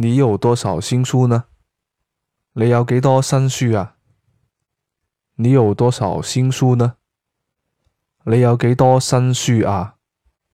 你有多少新書呢？你有幾多新書啊？你有多少新書呢？你有幾多新書啊？